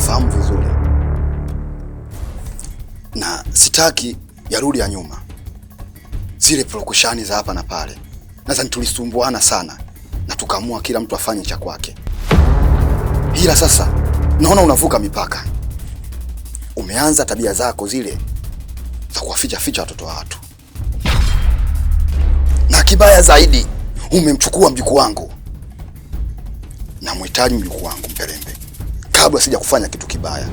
namfahamu vizuri na sitaki yarudi ya nyuma, zile prokushani za hapa na pale. Nadhani tulisumbuana sana na tukaamua kila mtu afanye cha kwake, ila sasa naona unavuka mipaka, umeanza tabia zako zile za kuwaficha ficha watoto wa watu, na kibaya zaidi umemchukua mjukuu wangu. Namhitaji mjukuu wangu mpeleke kabla sija kufanya kitu kibaya.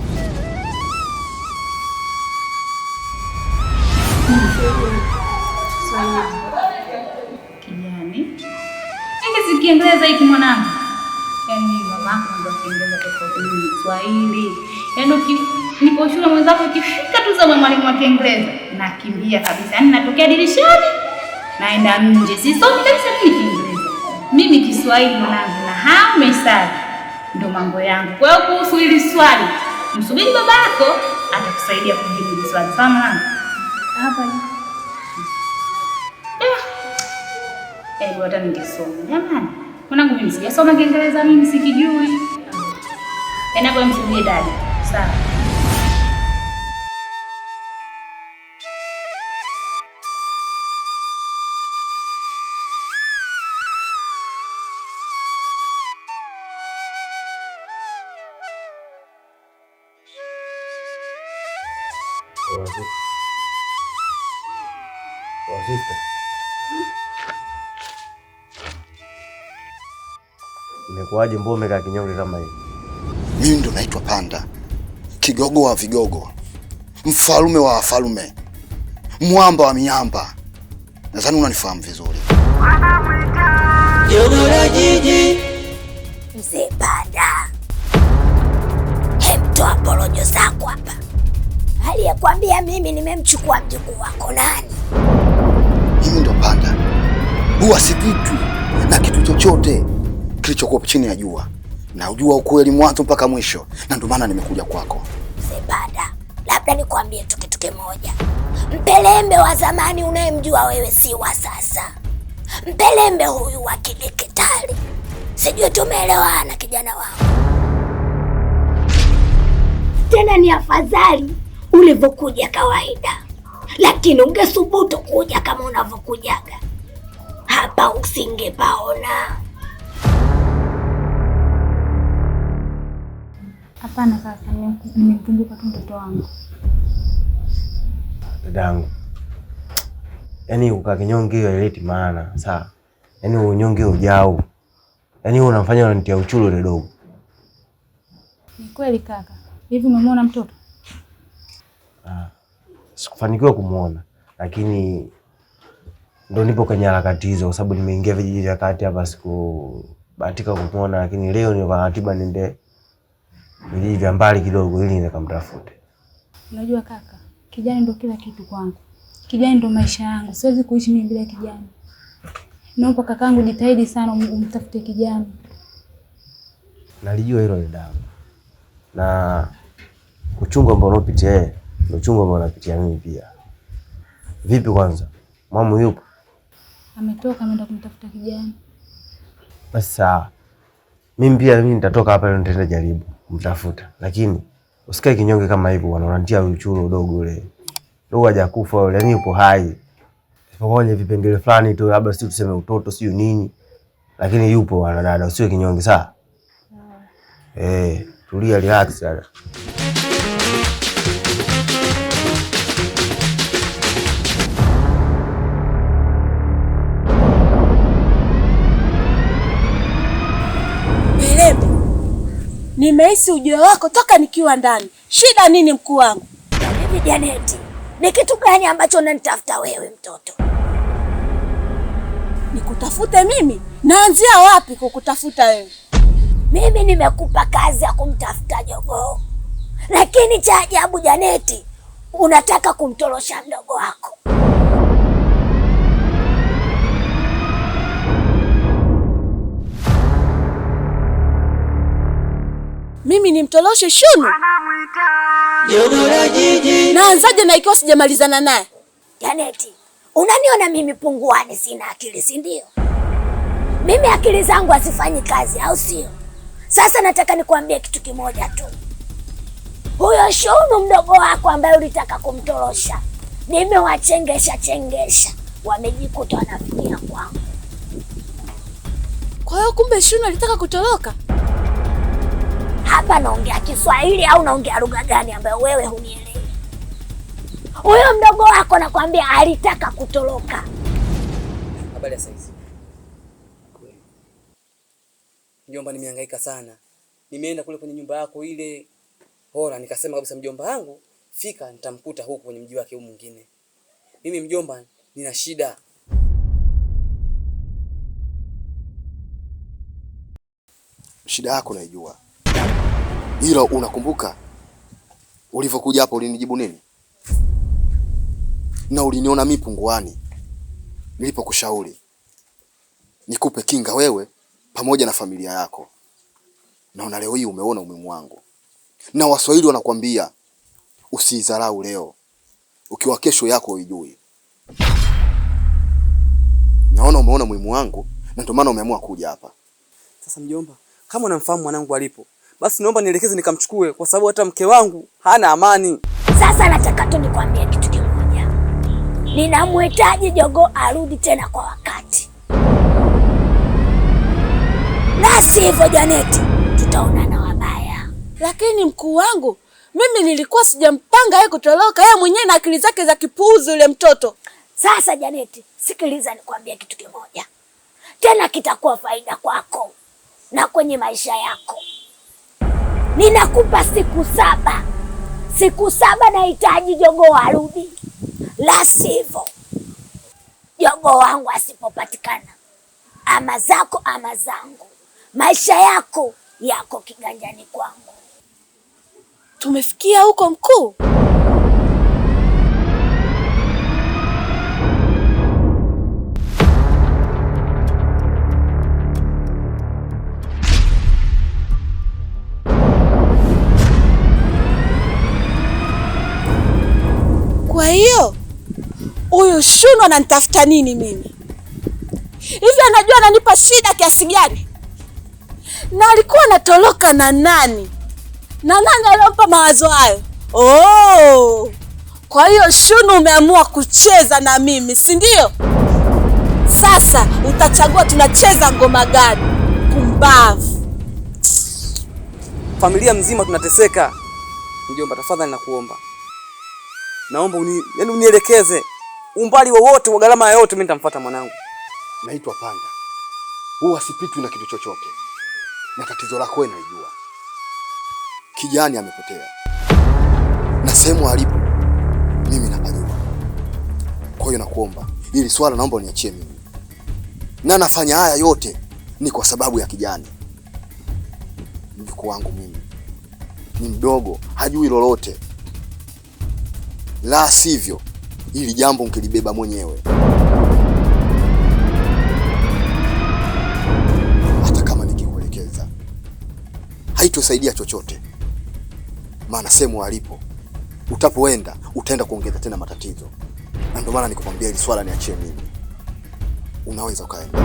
Kiingereza hiki mwanangu, yaani mama ndo Kiingereza tofauti na Kiswahili. Yaani nipo shule mwenzako, ikifika tu za mwalimu wa Kiingereza nakimbia kabisa, yaani natokea dirishani naenda nje, sisomi kabisa mimi Kiingereza, mimi Kiswahili mwanangu na hamesai ndo mambo yangu. Kwa hiyo kuhusu hili swali, msubiri babako atakusaidia kujibu hili swali. Sawa mwanangu? Hapa eh, eh, hata ningesoma jamani, mwanangu mimi sijasoma Kiingereza, mimi sikijui. Endapo eh, msubiri dada, sawa Imekuwaje mbona umekaa kinyonge kama hivi? Mimi ndo naitwa Panda, kigogo wa vigogo, mfalume wa wafalume, mwamba wa miamba. Nadhani unanifahamu vizuri. Jogo la jiji Nilikwambia mimi nimemchukua mjukuu wako nani? Hii ndo panda, huwa si kitu na kitu chochote kilichokuwa chini ya jua, na ujua ukweli mwanzo mpaka mwisho, na ndio maana nimekuja kwako. panda labda nikwambie tu kitu kimoja. Mpelembe wa zamani unayemjua wewe si wa sasa. Mpelembe huyu wa kidigitali, sijui tumeelewana, kijana wangu. Tena ni afadhali ulivyokuja kawaida, lakini ungesubutu kuja kama unavyokujaga hapa, usingepaona. Hapana sasa nimekumbuka tu mtoto wangu. Dadangu, yaani ukaa kinyonge hiyo haileti maana saa Yaani unyonge ujao, yaani unamfanya unanitia uchulu ile dogo. Ni kweli kaka, hivi umemwona mtoto? sikufanikiwa kumwona, lakini ndo nipo kwenye harakati hizo, kwa sababu nimeingia vijiji vya kati hapa, sikubahatika kumwona, lakini leo ni ratiba niende vijiji vya mbali kidogo, ili nikamtafute. Unajua kaka, kijani ndo kila kitu kwangu, kijani ndo maisha yangu, siwezi kuishi mimi bila kijani. Naomba kakangu, jitahidi sana um, umtafute kijani. Nalijua hilo ni damu na uchungu ambao unaopitia yeye ndio chungu ambao napitia mimi pia. Vipi kwanza? mamu yupo? Ametoka ameenda kumtafuta kijana. Sasa mimi pia mimi nitatoka hapa leo nitaenda jaribu kumtafuta. Lakini usikae kinyonge kama hivyo bwana, unanitia uchuro udogo ule. Leo hajakufa ule, yani yupo hai. Pamoja vipengele fulani tu labda si tuseme utoto sio nini. Lakini yupo bwana dada, usiwe kinyonge saa. Eh, tulia relax dada. Nimehisi ujio wako toka nikiwa ndani. Shida nini mkuu wangu? Hivi Janeti, ni kitu gani ambacho unanitafuta wewe mtoto? Nikutafute mimi? Naanzia wapi kukutafuta wewe? Mimi nimekupa kazi ya kumtafuta jogoo, lakini cha ajabu Janeti, unataka kumtorosha mdogo wako. mimi ni Shunu. Naanzaje na ikiwa sijamalizana naye? Janeti, yaani unaniona mimi punguani, sina akili, si ndio? Mimi akili zangu hazifanyi kazi, au sio? Sasa nataka nikuambie kitu kimoja tu. Huyo Shunu mdogo wako ambaye ulitaka kumtorosha, nimewachengesha chengesha, wamejikuta wanafikia kwangu. Kwa hiyo kumbe Shunu alitaka kutoroka? hapa naongea Kiswahili au naongea lugha gani ambayo wewe hunielewi? Huyo mdogo wako nakwambia alitaka kutoroka. Habari ya saizi? Mjomba, nimehangaika sana. Nimeenda kule kwenye nyumba yako ile hora, nikasema kabisa mjomba wangu fika, nitamkuta huku kwenye mji wake huu mwingine. Mimi mjomba, nina shida shida yako naijua, hilo unakumbuka ulivyokuja hapa ulinijibu nini? Na uliniona mimi punguani nilipokushauri nikupe kinga wewe pamoja na familia yako, naona leo hii umeona umuhimu wangu. Na Waswahili wanakwambia usiidharau leo, ukiwa kesho yako uijui. Naona umeona umuhimu wangu, na ndio maana umeamua kuja hapa. Sasa mjomba, kama unamfahamu mwanangu alipo basi naomba nielekeze nikamchukue, kwa sababu hata mke wangu hana amani. Sasa nataka tu nikwambie kitu kimoja, ninamhitaji jogo arudi tena kwa wakati, na sivyo Janeti tutaonana wabaya. Lakini mkuu wangu, mimi nilikuwa sijampanga yeye kutoroka, yeye mwenyewe na akili zake za kipuuzi yule mtoto. Sasa Janeti, sikiliza nikwambie kitu kimoja tena, kitakuwa faida kwako na kwenye maisha yako. Ninakupa siku saba, siku saba nahitaji jogo warudi, la sivyo jogo wangu asipopatikana, ama zako ama zangu, maisha yako yako kiganjani kwangu. Tumefikia huko mkuu. huyu Shunu nitafuta nini mimi? Hivi anajua ananipa shida kiasi gani? Na alikuwa anatoroka na nani? Na nani aliyompa mawazo hayo? Oh, kwa hiyo Shunu umeamua kucheza na mimi, si ndio? Sasa utachagua tunacheza ngoma gani? kumbavu Familia mzima tunateseka. Mjomba, tafadhali nakuomba, naomba uni, yani unielekeze umbali wowote wa gharama yoyote, mimi nitamfuata mwanangu. Naitwa Panda, huwa sipitwi na kitu chochote, na tatizo lako wewe unajua. Kijani amepotea na sehemu alipo mimi napajua. Kwa hiyo nakuomba, ili swala naomba uniachie mimi, na nafanya haya yote ni kwa sababu ya kijani. Mjukuu wangu mimi ni mdogo, hajui lolote, la sivyo hili jambo mkilibeba mwenyewe, hata kama nikikuelekeza haitosaidia chochote, maana sehemu alipo utapoenda utaenda kuongeza tena matatizo, na ndio maana nikukwambia hili swala niachie mimi, unaweza ukaenda.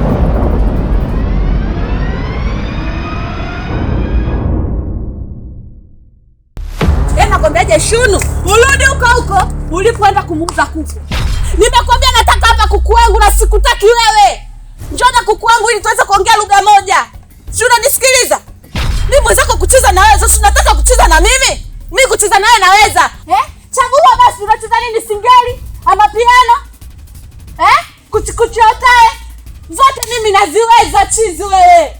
nakwambiaje? Shunu, urudi huko huko ulipoenda kumuuza kuku. Nimekwambia nataka hapa kuku wangu na sikutaki wewe. Njoo na kuku wangu ili tuweze kuongea lugha moja. Si unanisikiliza? Mimi mwenzako kucheza na wewe, sasa unataka kucheza na mimi? Mimi kucheza nawe naweza. Eh? Chagua basi unacheza nini singeli ama piano? Eh? Kuchikuchotae. Zote mimi naziweza chizi wewe.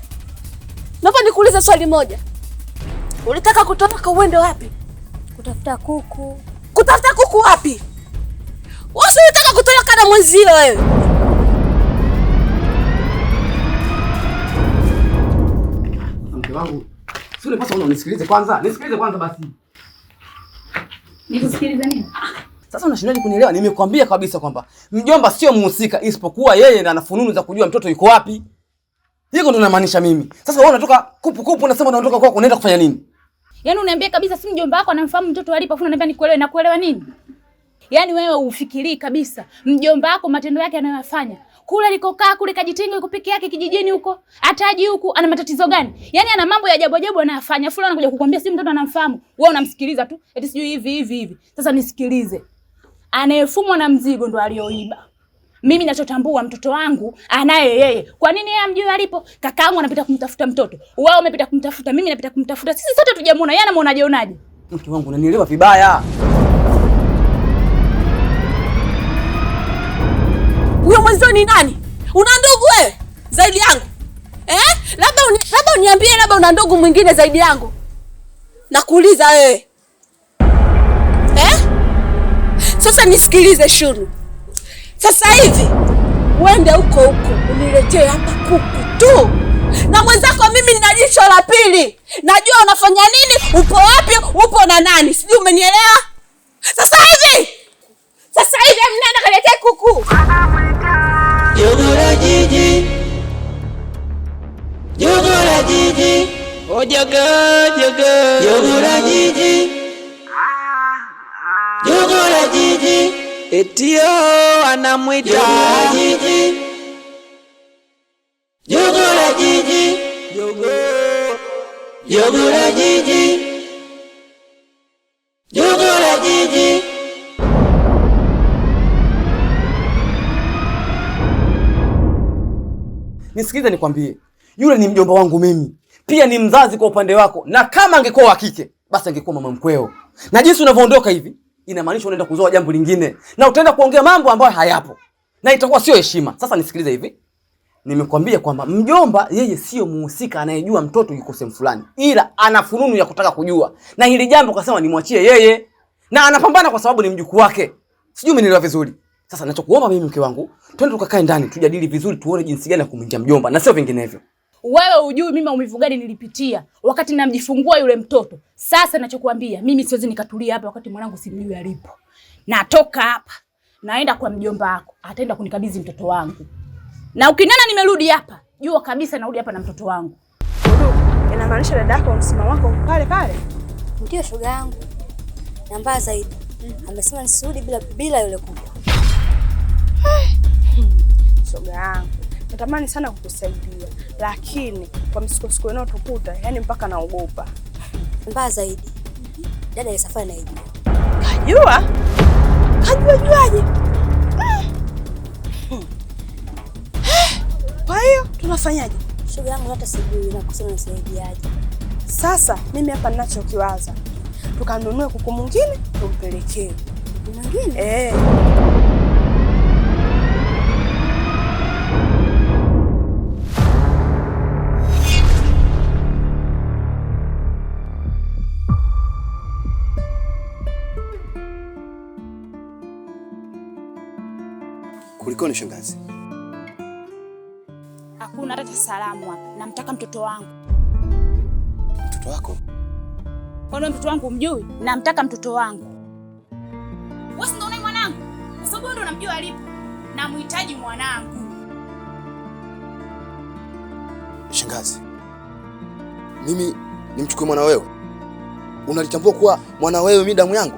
Naomba nikuulize swali moja. Ulitaka kutoroka uende wapi? Kutafuta kuku. Kutafuta kuku wapi? Wewe unataka kutoka na mwenzio wewe. Mke wangu, si unapaswa unisikilize kwanza. Nisikilize kwanza basi. Nikusikilize nini? Sasa unashindwaje kunielewa? Nimekuambia kabisa kwamba mjomba sio muhusika, isipokuwa yeye ndiye ana fununu za kujua mtoto yuko wapi. Hiko ndo namaanisha mimi. Sasa wewe unatoka kupu kupu, unasema unatoka kwako, unaenda kufanya nini? Yaani uniambie kabisa si mjomba wako anamfahamu mtoto alipo afu unaniambia nikuelewe na kuelewa nini? Yaani wewe ufikirii kabisa mjomba wako matendo yake anayoyafanya. Kule alikokaa kule kajitenga yuko peke yake kijijini huko. Hata huku ana matatizo gani? Yaani ana mambo ya ajabu ajabu anayafanya. Afu anakuja kukwambia si mtoto anamfahamu. Wewe unamsikiliza tu. Eti sijui hivi hivi hivi. Sasa nisikilize. Anayefumwa na mzigo ndo alioiba. Mimi nachotambua mtoto wangu anaye yeye. Kwa nini yeye amjui alipo? Kakaangu anapita kumtafuta mtoto, wewe umepita kumtafuta, mimi napita kumtafuta, sisi sote tujamuona. Yeye anamuona jeonaje? mke wangu, unanielewa vibaya. Huyo mwenzio ni nani? Una ndugu wewe zaidi yangu eh? Labda un, labda uniambie, labda una ndugu mwingine zaidi yangu? Nakuuliza wewe eh? Sasa nisikilize, Shuru. Sasa hivi uende huko huko uniletee hapa kuku tu, na mwenzako mimi nina jicho la pili, najua unafanya nini, upo wapi, upo na nani, sijui umenielewa? Sasa hivi sasa hivi mnenda kaletee kuku. Joto jiji, joto jiji, ojaga oh, jaga, joto jiji, joto jiji Etio anamwita jogo jiji, jogo jiji, jiji. Nisikilize nikwambie, yule ni mjomba wangu mimi, pia ni mzazi kwa upande wako, na kama angekuwa wa kike basi angekuwa mama mkweo, na jinsi unavyoondoka hivi inamaanisha unaenda kuzoa jambo lingine na utaenda kuongea mambo ambayo hayapo na itakuwa sio heshima. Sasa nisikilize hivi, nimekwambia kwamba mjomba yeye sio muhusika anayejua mtoto yuko sehemu fulani, ila ana fununu ya kutaka kujua, na hili jambo kasema nimwachie yeye, na anapambana kwa sababu ni mjukuu wake. Sijui umenielewa vizuri. Sasa nachokuomba mimi, mke wangu, twende tukakae ndani tujadili vizuri, tuone jinsi gani ya kumwingia mjomba na sio vinginevyo. Wewe ujui mimi maumivu gani nilipitia wakati namjifungua yule mtoto. Sasa nachokuambia mimi, siwezi nikatulia hapa wakati mwanangu simjui alipo. Natoka hapa naenda kwa mjomba wako, ataenda kunikabidhi mtoto wangu, na ukinena nimerudi hapa, jua kabisa narudi hapa na mtoto wangu. Inamaanisha dada yako msimamo wako pale pale? Ndio shoga yangu, nambaa zaidi mm. Amesema nisirudi bila bila yule kubwa. Shoga yangu natamani sana kukusaidia, lakini kwa msukosuko unaotukuta, yani mpaka naogopa. Mbaya zaidi dada ya safari na kajua kajua juaje? Hmm. Kwa hiyo tunafanyaje? Shoga yangu hata sijui nakusema nisaidiaje. Sasa mimi hapa ninachokiwaza, tukanunue kuku mwingine tumpelekee mwingine eh. Kulikoni shangazi? Hakuna hata salamu hapa. Namtaka mtoto wangu. Mtoto wako? Kwani mtoto wangu mjui? Namtaka mtoto wangu. Wewe si ndio unai mwanangu? Kwa sababu ndio unamjua alipo. Namhitaji mwanangu. Shangazi, mimi nimchukue mwana wewe? Unalitambua kuwa mwana wewe mimi damu yangu?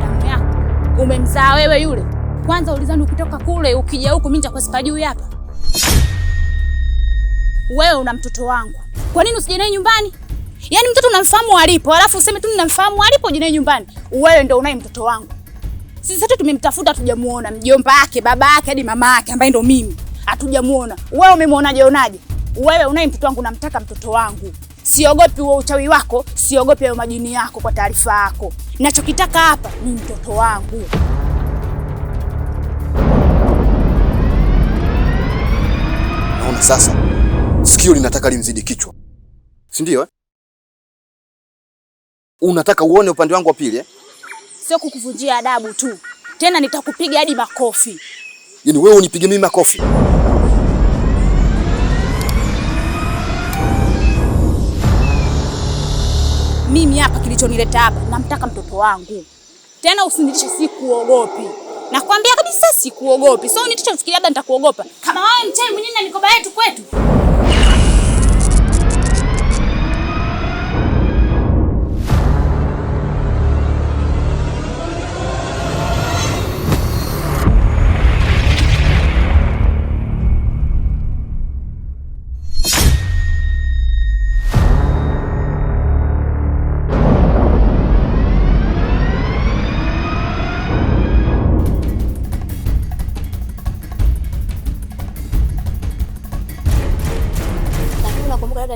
Damu yako? Umemzaa wewe yule? Kwanza ulizani ukitoka kule ukija huku mimi nitakusipa juu hapa. Wewe una mtoto wangu. Kwa nini usije naye nyumbani? Yaani mtoto unamfahamu alipo, alafu useme tu ninamfahamu alipo uje naye nyumbani. Wewe ndio unaye mtoto wangu. Sisi sote tumemtafuta hatujamuona, mjomba wake, baba yake hadi mama yake ambaye ndio mimi. Hatujamuona. Wewe umemwonaje onaje? Wewe unaye mtoto wangu, namtaka mtoto wangu. Siogopi huo uchawi wako, siogopi hayo majini yako. Kwa taarifa yako, Ninachokitaka hapa ni mtoto wangu. Sasa sikio linataka limzidi kichwa, si ndio eh? Unataka uone upande wangu wa pili eh? Sio kukuvunjia adabu tu, tena nitakupiga hadi makofi. Yaani wewe unipige mimi makofi? Mimi hapa, kilichonileta hapa, namtaka mtoto wangu, tena usinilishe, sikuogopi. Nakwambia kabisa sikuogopi. So nitachofikiria labda nitakuogopa. Kama wewe mchai mwingine na mikoba yetu kwetu.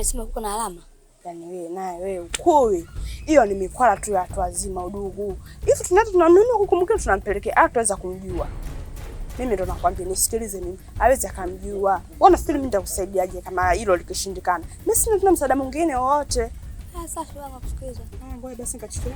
alisema kuko na alama? Yaani wewe naye wewe ukui. Hiyo ni mikwala tu ya watu wazima udugu. Hivi tunaanza tunanunua kukumbuka tunampelekea hata tuweza kumjua. Mimi ndo nakwambia nisikilize mimi. Hawezi akamjua. Wewe unafikiri mimi nitakusaidiaje kama hilo likishindikana? Mimi sina tena msaada mwingine wowote. Ah, safi baba kusikiliza. Ah, ngoja basi nikachukua.